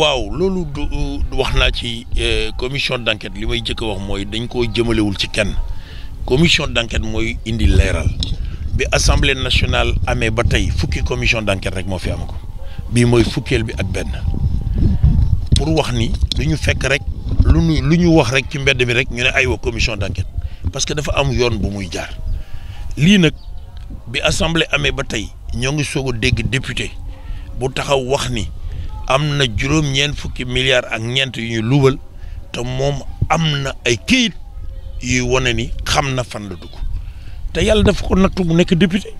waaw loolu du wax naa ci euh, commission d'enquête li may jëkk wax mooy dañ koo jëmalewul ci kenn commission d'enquête mooy indi leeral bi assemblée nationale amee ba tey fukki commission d'enquête rek moo fi am ko bii mooy fukkeel bi ak benn pour wax ni lu ñu fekk rek lu ñu lu ñu wax rek ci mbedd mi rek ñu ne ay aywa commission d'enquête parce que dafa am yoon bu muy jaar lii nag bi assemblée amee ba tey ñoo ngi soog a dégg député bu taxaw wax ni. am na juróom-ñeent fukki milliards ak ñeent yu ñu luubal te moom am na ay këyit yu wane ni xam na fan la dugg te yàlla dafa ko nattu mu nekk député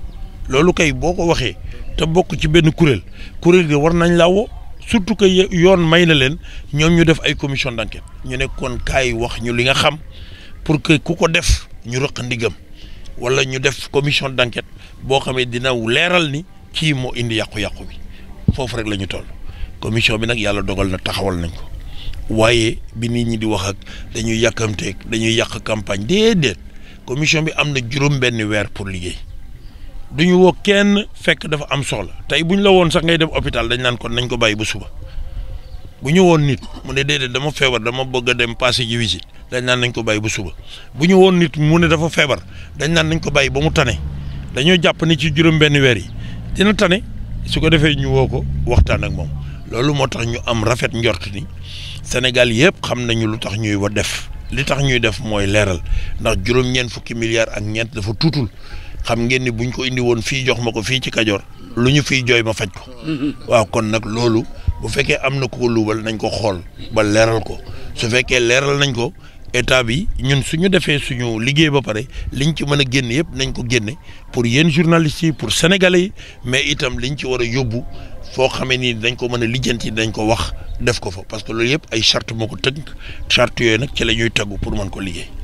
loolu kay boo ko waxee te bokk ci benn kuréel kuréel gi war nañ laa woo surtout que yoon may na leen ñoom ñu def ay commission d'enquête ñu nekkoon kon wax ñu li nga xam pour que ku ko def ñu rëq ndigam wala ñu def commission d'enquête boo xamee dina leeral ni kii moo indi yàqu-yàqu bi foofu rek la ñu toll. commission bi nag yàlla dogal na taxawal nañ ko waaye bi nit ñi di wax ak dañuy yàkkamteeg dañuy yàq campagne déedéet commission bi am na juróom benn weer pour liggéey duñu woo kenn fekk dafa am soxla tey bu ñu la woon sax ngay dem hôpital dañ naan kon nañ ko bàyyi ba suba bu ñu nit mu ne déedéet dama feebar dama bëgg a dem passé ji dañ naan nañ ko bàyyi ba suba bu ñu woon nit mu ne dafa feebar dañ naan nañ ko bàyyi ba mu tanee dañoo jàpp ni ci juróom benn weer yi dina tane su ko defee ñu woo ko waxtaan ak moom loolu moo tax ñu am rafet njort ni Sénégal yëpp xam nañu lu tax ñuy wa def li tax ñuy def mooy leeral ndax juróom-ñeent fukki milliards ak ñeent dafa tuutul xam ngeen ni buñ ko indi woon fii jox ma ko fii ci Kajoor lu ñu fi jooy ma faj ko waaw kon nag loolu bu fekkee am na ku ko luubal nañ ko xool ba leeral ko su fekkee leeral nañ ko état bi ñun suñu defee suñu liggéey ba pare li liñ ci mën a génn yëpp nañ ko génne pour yéen journalistes yi pour sénégalais yi mais itam liñ ci war a yóbbu foo xamee ni dañ ko mën a lijjanti dañ ko wax def ko fa parce que loolu yëpp ay charte moo ko tënk charte yooyu nag ci la ñuy tegu pour mën ko liggéey